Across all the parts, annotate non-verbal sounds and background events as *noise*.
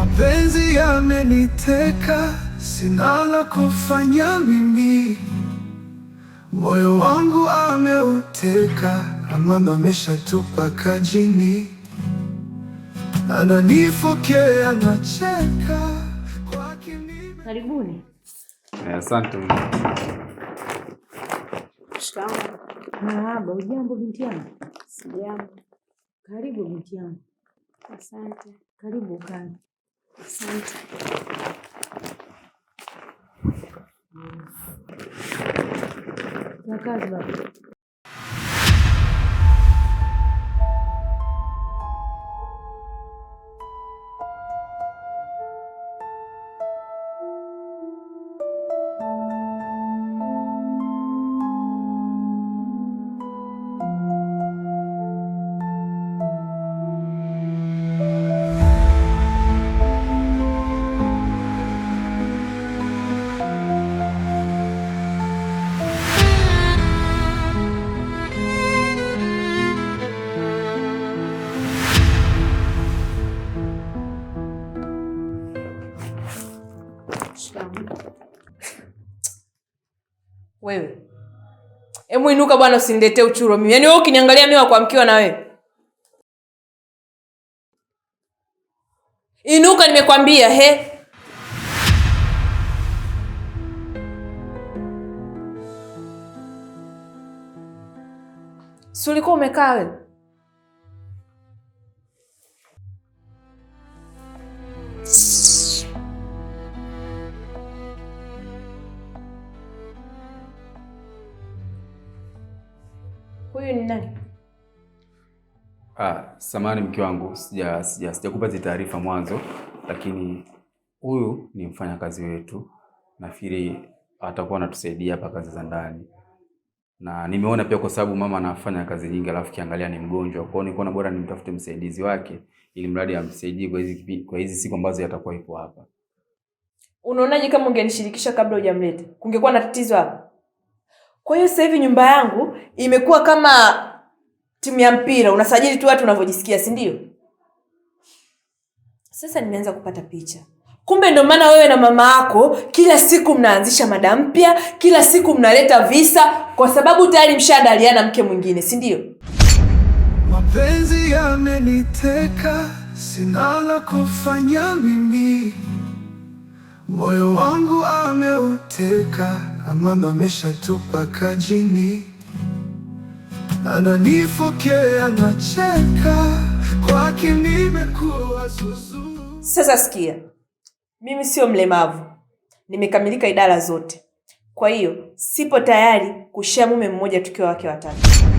Mapenzi yameniteka, sina la kufanya mimi. Moyo wangu ameuteka, Ramani ameshatupa kajini. Ananifokea, anacheka. Karibuni. Eh, asante. Marahaba. Ujambo binti yangu? Sijambo. Karibu binti yangu. Asante. Karibu kani. Asante. Заказ вам. kitabu. *tsk* Wewe hebu inuka bwana, usiniletee uchuro mimi. Yaani wewe ukiniangalia mimi wakuamkiwa na wewe. Inuka nimekwambia, he. Si ulikuwa umekaa wewe? Huyu ni nani? Ah, samani mke wangu, sija sija sijakupa taarifa mwanzo, lakini huyu ni mfanyakazi wetu. Nafikiri atakuwa anatusaidia hapa kazi za ndani, na nimeona pia kwa sababu mama anafanya kazi nyingi, alafu kiangalia ni mgonjwa kwao, nikaona bora nimtafute msaidizi wake, ili mradi amsaidie kwa hizi kwa hizi siku ambazo yatakuwa ipo hapa. Unaonaje kama ungenishirikisha kabla hujamleta? Kungekuwa na tatizo hapa. Kwa hiyo sasa hivi nyumba yangu imekuwa kama timu ya mpira unasajili tu watu unavyojisikia si ndio sasa nimeanza kupata picha kumbe ndio maana wewe na mama yako kila siku mnaanzisha mada mpya kila siku mnaleta visa kwa sababu tayari mshadaliana mke mwingine si ndio mapenzi yameniteka sina la kufanya mimi moyo wangu ameuteka amama ameshatupa kajini ananifokea, nacheka kwake, nimekuwa Sasa sikia, mimi sio mlemavu, nimekamilika idara zote, kwa hiyo sipo tayari kushea mume mmoja tukiwa wake watatu.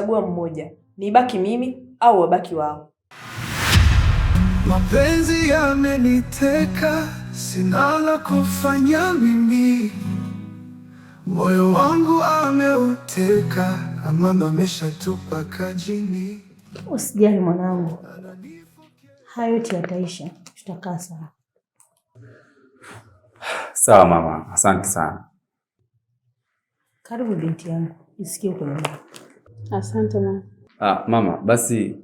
kuchagua mmoja, nibaki mimi au wabaki wao. Mapenzi yameniteka, sina la kufanya mimi, moyo wangu ameuteka, amama ameshatupa kajini. Usijali mwanangu, hayo yote yataisha, tutakaa sawa. Sawa mama, asante sana. Karibu binti yangu, isikie uko nyumbani. Asante mama. Ah, mama, basi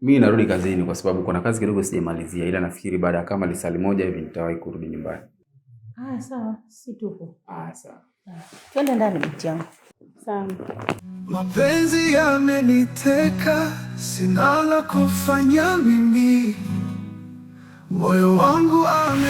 mi narudi kazini kwa sababu kuna kazi kidogo sijamalizia ila nafikiri baada ya kama lisali moja hivi nitawahi kurudi nyumbani. Ah, sawa, si tupo. Ah, sawa. Ah, twende ndani binti yangu. Sawa. Mapenzi yameniteka, sina la kufanya mimi, moyo wangu ame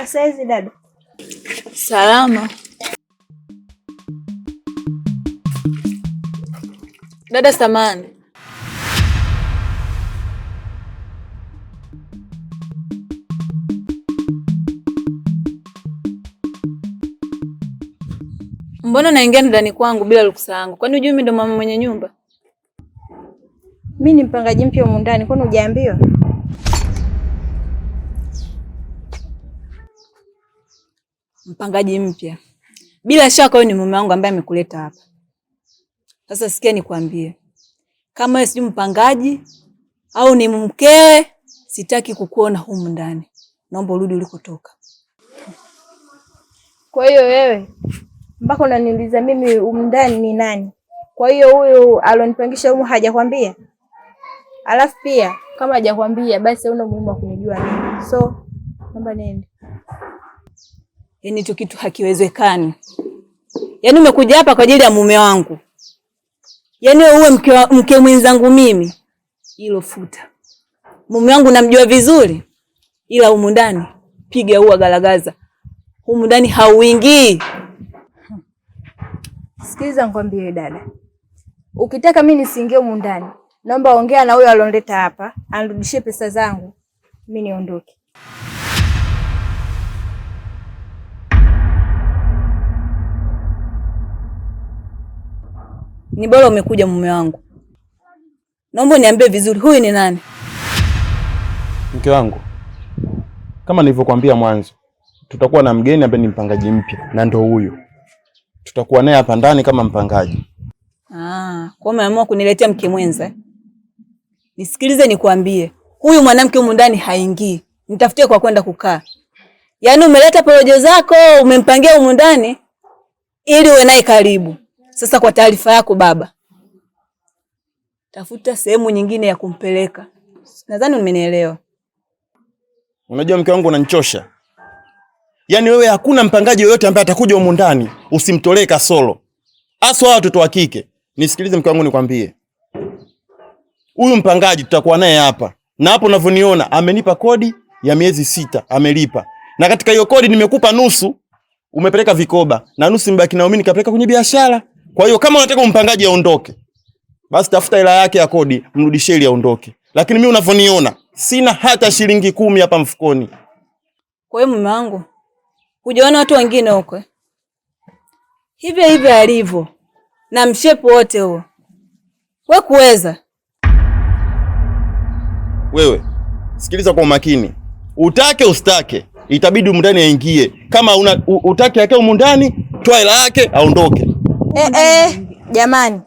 Za saizi dada salama. Dada samani, mbona naingia ndani kwangu bila ruhusa yangu? Kwani hujui mimi ndo mama mwenye nyumba? Mimi ni mpangaji mpya humu ndani, kwani hujaambiwa? mpangaji mpya. Bila shaka wewe ni mume wangu ambaye amekuleta hapa. Sasa sikia nikwambie, kama wewe si mpangaji au ni mkewe, sitaki kukuona humu ndani. Naomba urudi ulikotoka. Kwa hiyo wewe mpaka unaniuliza mimi humu ndani ni nani? Kwa hiyo huyu alonipangisha humu hajakwambia? Alafu pia kama hajakwambia, basi huna umuhimu wa kunijua mimi, so naomba nende. Yaani hicho kitu hakiwezekani. Yaani umekuja hapa kwa ajili ya mume wangu, yaani wewe uwe mke, mke mwenzangu mimi? Hilo futa. Mume wangu namjua vizuri, ila humu ndani piga ua galagaza, humu ndani hauingii. Sikiliza nikwambie dada, ukitaka mimi nisiingie humu ndani, naomba ongea na huyo alonileta hapa, anirudishie pesa zangu, mimi niondoke. Ni bora umekuja mume wangu. Naomba niambie vizuri, huyu ni nani? Mke wangu, kama nilivyokuambia mwanzo, tutakuwa na mgeni ambaye ni mpangaji mpya, na ndo huyu tutakuwa naye hapa ndani kama mpangaji. Ah, kwa umeamua kuniletea mke mwenza. Nisikilize nikuambie, huyu mwanamke humu ndani haingii, nitafutie kwa kwenda kukaa. Yaani umeleta porojo zako, umempangia humu ndani ili uwe naye karibu. Sasa kwa taarifa yako baba, tafuta sehemu nyingine ya kumpeleka. Nadhani umenielewa. Unajua mke wangu unanichosha, yaani wewe, hakuna mpangaji yoyote ambaye atakuja humu ndani usimtolee kasoro, haswa watoto wa kike. Nisikilize mke wangu, nikwambie, huyu mpangaji tutakuwa naye hapa na hapo. Unavyoniona, amenipa kodi ya miezi sita, amelipa na katika hiyo kodi nimekupa nusu, umepeleka vikoba na nusu mbaki naomi, kapeleka kwenye biashara kwa hiyo kama unataka mpangaji aondoke, basi tafuta hela yake ya kodi, mrudishie ili aondoke. Lakini mimi unavyoniona, sina hata shilingi kumi hapa mfukoni. Kwa hiyo mume wangu, hujaona watu wengine huko eh? hivyo hivyo alivyo na mshepo wote huo, we kuweza wewe. Sikiliza kwa umakini, utake ustake, itabidi umundani aingie. Kama una, utake yake umundani, twa hela yake aondoke. Eh, eh, jamani,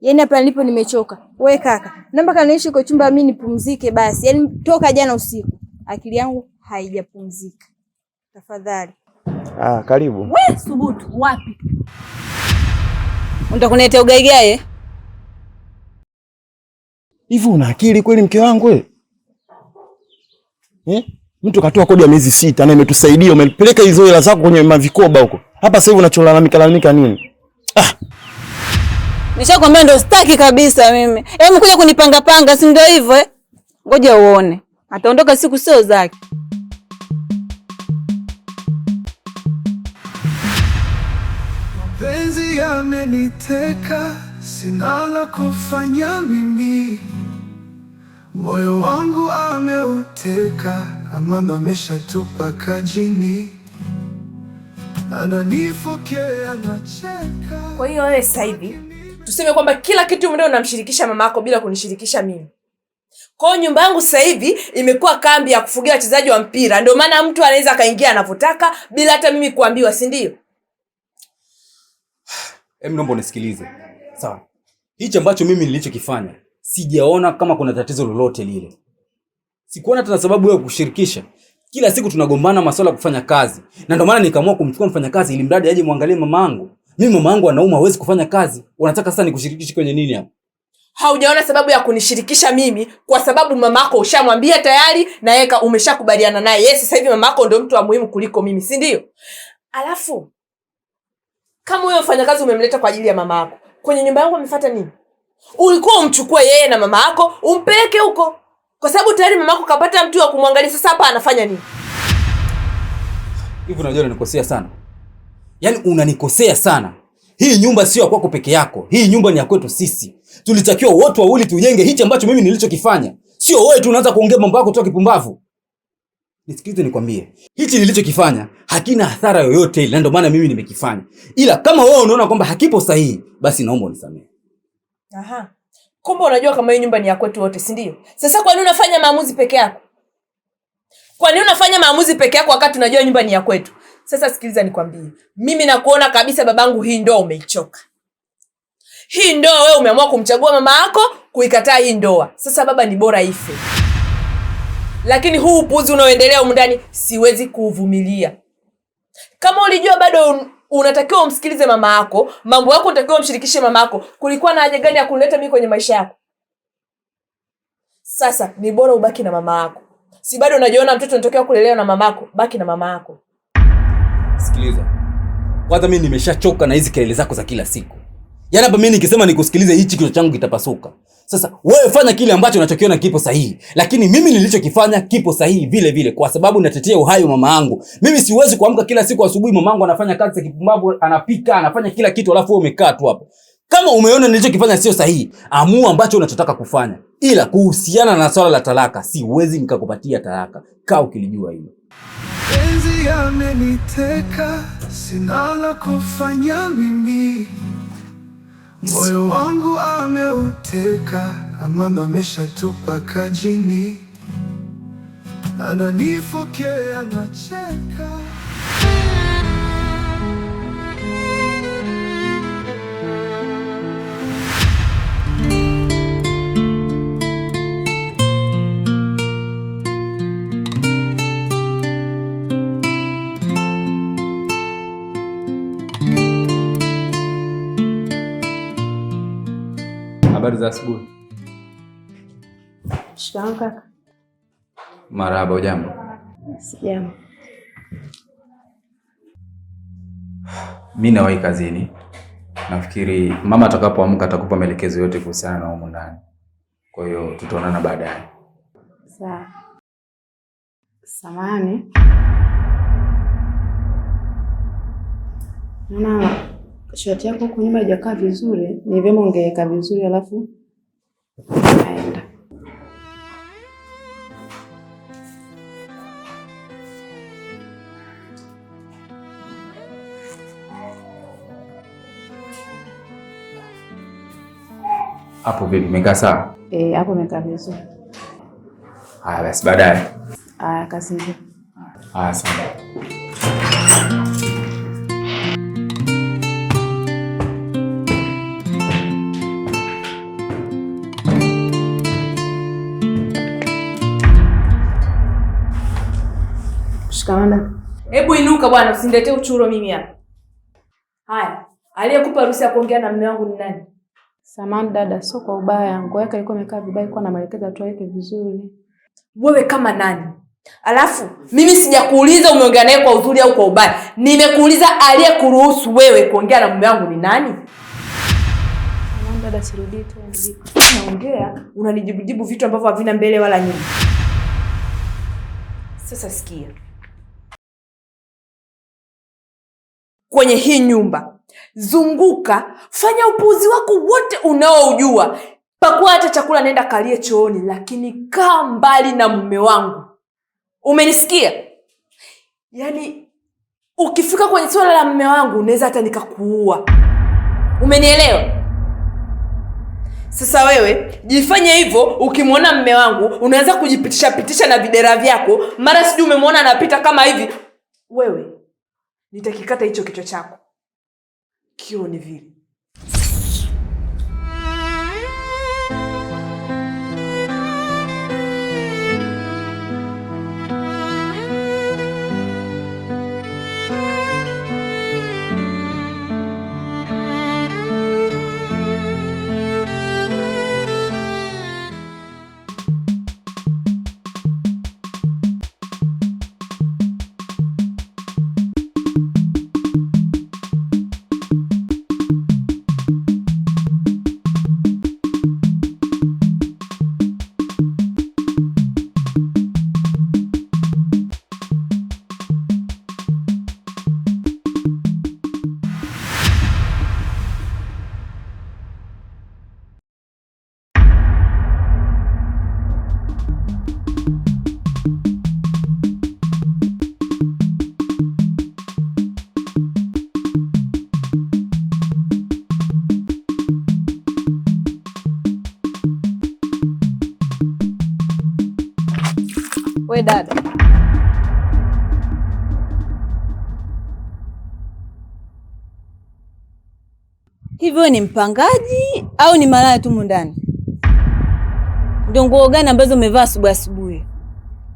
yaani hapa nilipo nimechoka. We kaka, naomba kaniishi kwa chumba mimi nipumzike basi. Yaani toka jana usiku akili yangu haijapumzika, tafadhali. Ah, karibu. We subutu, wapi unataka kuniletea hivi? Una akili kweli mke wangu eh? Mtu katoa kodi ya miezi sita na imetusaidia, umepeleka hizo hela zako kwenye mavikoba huko. Hapa sasa hivi unacholalamika lalamika nini? nisha Nishakwambia ndo sitaki kabisa mimi. Hebu kuja kunipanga panga, si ndio hivyo eh? Ngoja uone. Ataondoka siku sio zake. Mapenzi yameniteka, sina la kufanya mimi. Moyo wangu ameuteka, amama ameshatupa kajini ananifokea anacheka. Kwa hiyo wewe sasa hivi tuseme kwamba kila kitu mnao unamshirikisha mama yako bila kunishirikisha mimi. Kwa nyumba yangu sasa hivi imekuwa kambi ya kufugia wachezaji wa mpira, ndio maana mtu anaweza akaingia anavyotaka bila hata mimi kuambiwa, si ndio? Em, naomba unisikilize sawa. Hichi ambacho mimi nilichokifanya sijaona kama kuna tatizo lolote lile, sikuona hata sababu ya kushirikisha kila siku tunagombana masuala kufanya kazi. Na ndio maana nikaamua kumchukua mfanyakazi ili mradi aje muangalie mamangu. Mimi mamangu anauma hawezi kufanya kazi. Unataka sasa nikushirikishe kwenye nini hapa? Haujaona sababu ya kunishirikisha mimi kwa sababu mamako ushamwambia tayari na yeye umeshakubaliana naye. Yeye sasa hivi mamako ndio mtu wa muhimu kuliko mimi, si ndio? Alafu kama huyo mfanyakazi umemleta kwa ajili ya mama yako, kwenye nyumba yangu amefuata nini? Ulikuwa umchukue yeye na mama yako umpeleke huko kwa sababu tayari mamako kapata mtu wa kumwangalia. Sasa hapa anafanya nini hivi? Unajua unanikosea sana, yaani unanikosea sana. Hii nyumba sio ya kwako peke yako, hii nyumba ni ya kwetu sisi. Tulitakiwa wote wawili tujenge hichi ambacho mimi nilichokifanya, sio wewe tu unaanza kuongea mambo yako tu kipumbavu. Nisikilize nikwambie, hichi nilichokifanya hakina athara yoyote ile, ndio maana mimi nimekifanya, ila kama wewe unaona kwamba hakipo sahihi, basi naomba unisamehe. Aha. Kumbe unajua kama hii nyumba ni ya kwetu wote, si ndio? Sasa kwa nini unafanya maamuzi peke yako? Kwa nini unafanya maamuzi peke yako wakati unajua nyumba ni ya kwetu? Sasa sikiliza nikwambie, mimi nakuona kabisa babangu, hii ndoa umeichoka. Hii ndoa wewe umeamua kumchagua mama yako, kuikataa hii ndoa. Sasa baba, ni bora ife, lakini huu upuzi unaoendelea humu ndani siwezi kuuvumilia. Kama ulijua bado unatakiwa umsikilize mama yako, mambo yako unatakiwa umshirikishe mama yako. Kulikuwa na haja gani ya kuleta mimi kwenye maisha yako? Sasa ni bora ubaki na mama yako, si bado unajiona mtoto unatokea kulelewa na mama yako? Baki na mama yako. Sikiliza kwanza, mimi nimeshachoka na hizi kelele zako za kila siku. Yaani hapa mimi nikisema nikusikilize, hichi kichwa changu kitapasuka. Sasa wewe fanya kile ambacho unachokiona kipo sahihi, lakini mimi nilichokifanya kipo sahihi vile vile, kwa sababu natetea uhai wa mama yangu. Mimi siwezi kuamka kila siku asubuhi, mama yangu anafanya kazi za kipumbavu, anapika, anafanya kila kitu, alafu wewe umekaa tu hapo. Kama umeona nilichokifanya sio sahihi, amua ambacho unachotaka kufanya. Ila kuhusiana na swala la talaka, siwezi nikakupatia talaka. Kaa ukilijua hilo. Penzi ameniteka, sina la kufanya mimi Moyo wangu ameuteka, amama ameshatupa kajini, ananifokea, anacheka. Habari za asubuhi. Shikamoo kaka. Marahaba. Ujambo? Sijambo. Mimi nawahi kazini. Nafikiri mama atakapoamka atakupa maelekezo yote kuhusiana na humu ndani, kwa hiyo tutaonana baadaye. Sawa. Samahani. Naona shati yako huko nyuma haijakaa vizuri, ni vyema ungeweka vizuri alafu naenda. Hapo vipi, umekaa sawa? Eh, hapo umekaa vizuri. Haya basi, baadaye. Haya, kazi njema. Haya, asante. Shikamana. Hebu inuka bwana, usiniletee uchuro mimi hapa. Haya, aliyekupa ruhusa ya kuongea na mume wangu ni nani? Samani dada, sio kwa ubaya, nguo yake ilikuwa imekaa vibaya, ilikuwa na maelekezo yake vizuri. Wewe kama nani? Alafu mimi sijakuuliza umeongea naye kwa uzuri au kwa ubaya, nimekuuliza aliyekuruhusu wewe kuongea na mume wangu ni nani? Samani dada, sirudii tena, naongea unanijibujibu vitu ambavyo havina mbele wala nyuma. Sasa sikia kwenye hii nyumba zunguka fanya upuzi wako wote unaoujua pakua hata chakula naenda kalie chooni lakini kaa mbali na mume wangu umenisikia yaani ukifika kwenye swala la mume wangu unaweza hata nikakuua umenielewa sasa wewe jifanye hivyo ukimwona mme wangu unaweza kujipitisha pitisha na videra vyako mara sijui umemwona anapita kama hivi wewe nitakikata hicho kichwa chako. Kio ni vile We dada hivyo, ni mpangaji au ni malaya tu mundani? Ndio nguo gani ambazo umevaa asubuhi asubuhi?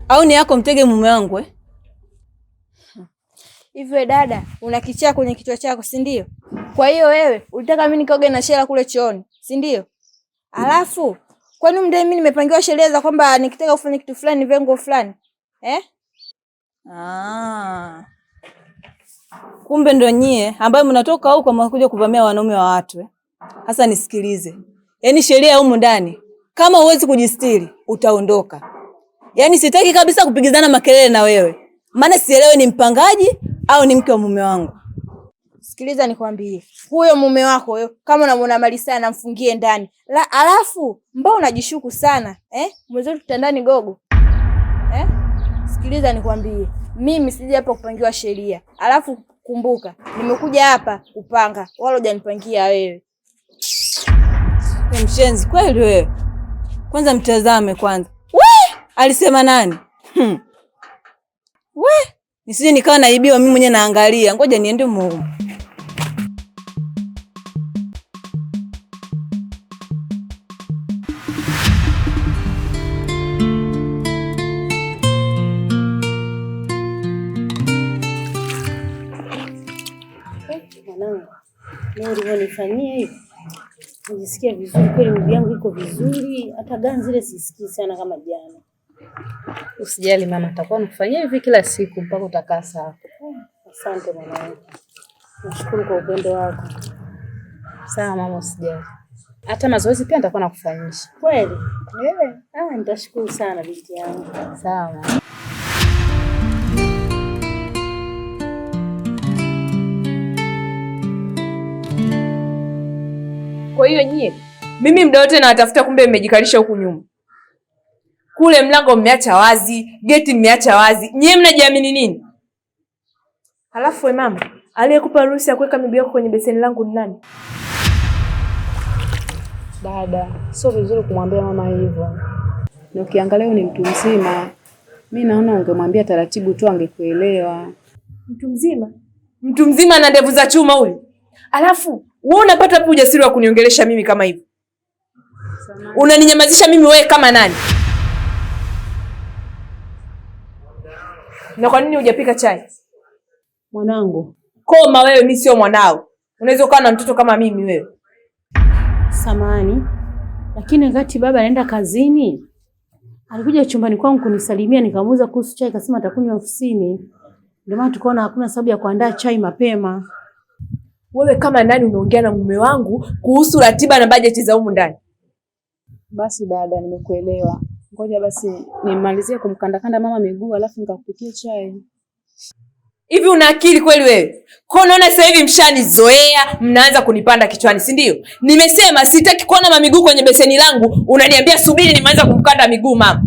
Au ni yako mtege mume wangu eh? Hivyo dada, una kichaa kwenye kichwa chako, si ndio? Kwa hiyo wewe ulitaka mimi nikaoge na Shela kule chooni, si ndio? Alafu Kwani mdai mimi nimepangiwa sheria za kwamba nikitaka kufanya kitu fulani vengo fulani eh? Ah. Kumbe ndo nyie ambayo mnatoka huko mnakuja kuvamia wanaume wa watu eh? Hasa nisikilize, yaani sheria humu ndani, kama huwezi kujistiri utaondoka. Yaani sitaki kabisa kupigizana makelele na wewe, maana sielewe ni mpangaji au ni mke wa mume wangu sikiliza nikwambie, huyo mume wako huyo, kama unamwona mali sana, namfungie ndani la, alafu mbona unajishuku sana eh? Mwenzetu kitandani gogo eh? Sikiliza nikwambie, mimi sija hapa kupangiwa sheria, alafu kumbuka, nimekuja hapa kupanga, wala hujanipangia wewe. Mshenzi kweli wewe! Kwanza mtazame kwanza, we alisema nani? hmm. we nisije nikawa naibiwa mimi mwenyewe, naangalia. Ngoja niende muum nifanyie hivi. Nijisikia vizuri kweli, miguu yangu iko vizuri, hata gani zile sisikii sana kama jana. Usijali mama, atakuwa nakufanyia hivi kila siku mpaka utakaa sawa. Asante mwanangu, nashukuru kwa upendo wako. Sawa mama, usijali. Hata mazoezi pia nitakuwa nakufanyisha kweli. Eh, ah, nitashukuru sana binti yangu. Sawa mama. Kwa hiyo nyie, mimi muda wote nawatafuta, kumbe mmejikalisha huku nyuma. Kule mlango mmeacha wazi, geti mmeacha wazi, nyie mnajiamini nini? Halafu we mama, aliyekupa ruhusa ya kuweka miguu yako kwenye beseni langu ni nani? Dada, sio vizuri kumwambia mama hivyo, na ukiangalia ni mtu mzima. Mi naona ungemwambia taratibu tu, angekuelewa. Mtu mzima? Mtu mzima na ndevu za chuma huyu? Alafu wewe unapata wapi ujasiri wa kuniongelesha mimi kama hivyo? Unaninyamazisha mimi wewe kama nani? Na kwa nini hujapika chai? Mwanangu, koma wewe, mimi sio mwanao. Unaweza ukawa na mtoto kama mimi wewe. Samani, lakini wakati baba anaenda kazini alikuja chumbani kwangu kunisalimia, nikamuuza kuhusu chai, kasema atakunywa ofisini. Ndio maana tukaona hakuna sababu ya kuandaa chai mapema. Wewe kama nani unaongea na mume wangu kuhusu ratiba na bajeti za humu ndani? Basi dada, nimekuelewa. Ngoja basi nimalizie kumkandakanda mama miguu, alafu nikakupikia chai. Hivi una akili kweli wewe? Kwa naona sasa hivi mshanizoea, mnaanza kunipanda kichwani, si ndio? Nimesema sitaki kuona mama miguu kwenye beseni langu, unaniambia subiri, nimeanza kumkanda miguu mama.